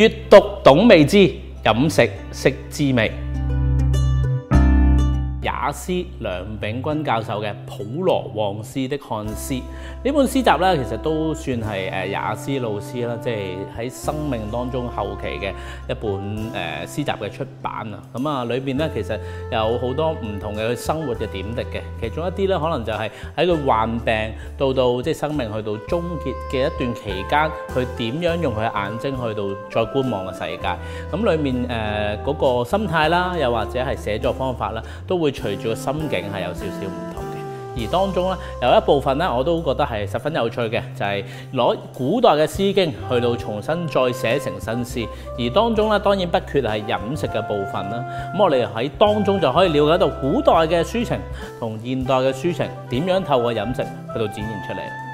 閱讀懂未知，飲食識滋味。也斯梁秉鈞教授嘅《普羅旺斯的漢詩》本呢本詩集咧，其實都算係誒也斯老師啦，即係喺生命當中後期嘅一本誒、呃、詩集嘅出版啊。咁、嗯、啊，裏邊咧其實有好多唔同嘅生活嘅點滴嘅，其中一啲咧可能就係喺佢患病到到即係生命去到終結嘅一段期間，佢點樣用佢嘅眼睛去到再觀望嘅世界。咁、嗯、裏面誒嗰、呃那個心態啦，又或者係寫作方法啦，都會對住個心境係有少少唔同嘅，而當中咧有一部分咧我都覺得係十分有趣嘅，就係攞古代嘅詩經去到重新再寫成新詩，而當中咧當然不缺係飲食嘅部分啦。咁我哋喺當中就可以了解到古代嘅抒情同現代嘅抒情點樣透過飲食去到展現出嚟。